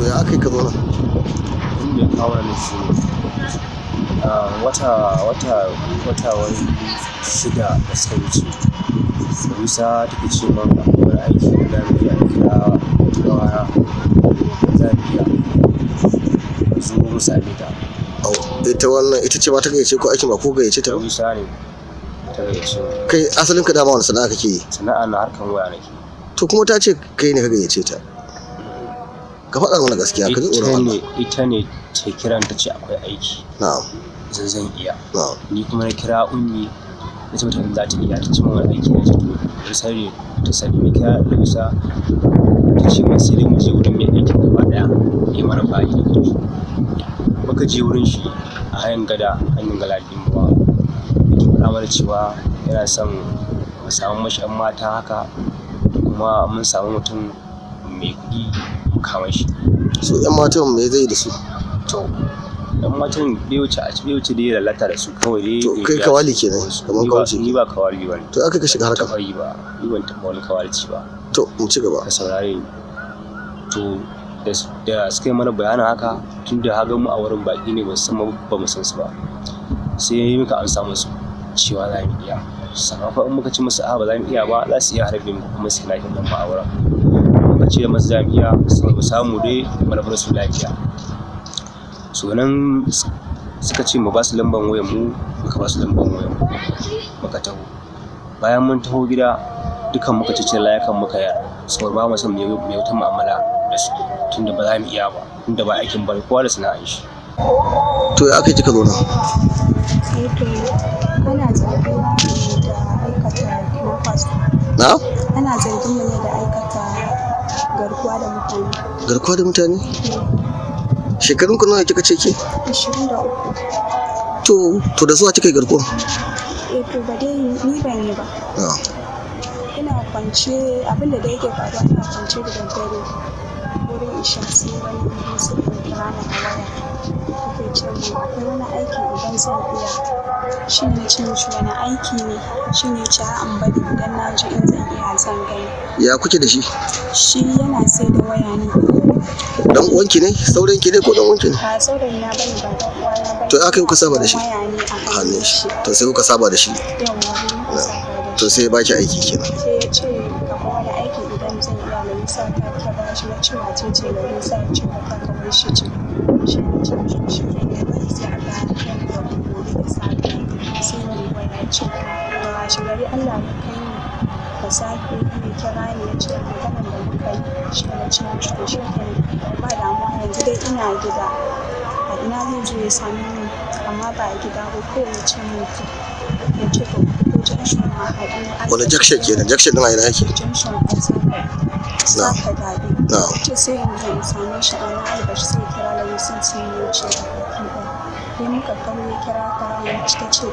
to ya aka yi ka zo nan inda kawo ne shi ah, wata wata wata wani shida da suka wuce musa ke ce man akwai aiki da zamu da kira gawara zamu iya zo mu same ta ita wannan ita ce ma ta gayyace ko aikin ba ko gayyace ta musa ne ta gayyace kai asalin ka dama wani sana'a kake yi sana'a na harkar waya nake to kuma ta ce kai ne ka gayyace ta ka faɗa mana gaskiya ka ji tsoron Allah ita ne ta kiran ta ce akwai aiki na'am zan zan iya ni kuma na kira ummi na ce mutane za ta iya ta ci mana aiki na ce to da sani ta sani na kira da ta ce mai sai dai mu je wurin mai aiki gaba daya ya mara bayi da kanshi muka je wurin shi a hayan gada hanyar galadin ba yake faɗa cewa yana son mu samu mashan mata haka kuma mun samu mutum mai kuɗi afka mashi su yan matan me zai da su to yan matan bai wuce a bai wuce da ya lalata da su kawai dai to kai kawali kenan kamar kawali ni ba kawali ba to aka ka shiga harka ba yi ba ni kawali ci ba to mu ci gaba ka saurare to da suka yi mana bayanin haka tun da hagan mu a wurin baki ne ba san ba mu san su ba sai muka an samu cewa za mu iya sannan fa in muka ci musu a ba za mu iya ba za su iya harbe mu kuma su lafiya nan ba a ce masu jami'a mu samu dai mu rabu su lafiya so nan suka ce mu ba su lambar wayar mu muka ba su lambar wayar mu muka taho bayan mun taho gida dukan muka ci cin layakan muka yar saboda ba mu san me wata mu'amala da su tunda ba za mu iya ba tunda ba aikin bane kowa da sana'ar shi to ya aka kika zo eh nan ana zargin mu da aikata na ana zargin mu ne da aikata garkuwa da mutane garkuwa da mutane shekarun ku nawa kika ce ke 23 to to da zuwa kika yi garkuwa eh to ba dai ni ban yi ba ah. ina kwance abinda da yake faruwa ina kwance da daddare wurin isha sai wani musulmi rana da waya Kuke ce akwai wani aiki idan zan iya Shin na mishi wani aiki ne? Shi ne bari idan na in zan iya zan gani. Ya kuke da shi? Shi yana sai da waya ne. Dan uwanki ne? ki ne ko dan uwanki ne? ba To ya kai kuka saba da shi? a hannun shi. To sai kuka saba da shi. To sai baki aiki kenan. Sai ya ce ga kuma aiki idan zan iya na nisa ta ta ba shi ce wace ce na nisa ta kamar shi ce. Shi ne ce shi ne ba sai a ce washe gari Allah ya kai ni da safe ya kira ni ya ce maganar da muka yi shi ne na ce mishi to shikenan ba damuwa yanzu dai ina gida a ina zai zo ya samu ni amma ba a gida ba ko ya ce min to ya ce to ko junction ma haɗu wani junction kenan junction ɗin a ina yake junction a sa ka gabe ce sai yanzu in same shi a na albashi sai kira da wasu sun yi wuce da sai muka kawo ya kira ta wacce ta ce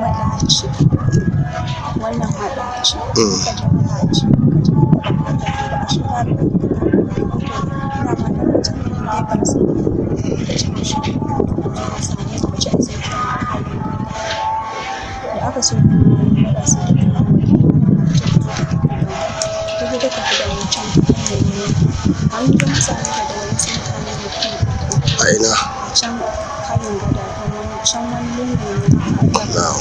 maɗaci wannan maɗaci mm. aka da a ina can hayin gada can wani lungu ne amma ita da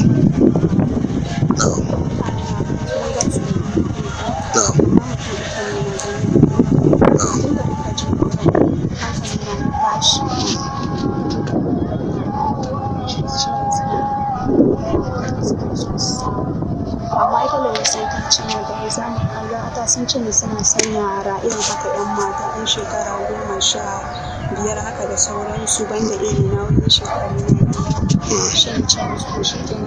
na sun ce suna sanya yara irin haka 'yan mata 'yan shekara goma sha biyar haka da sauransu banda iri na wani shekaru na biyu shan can su shi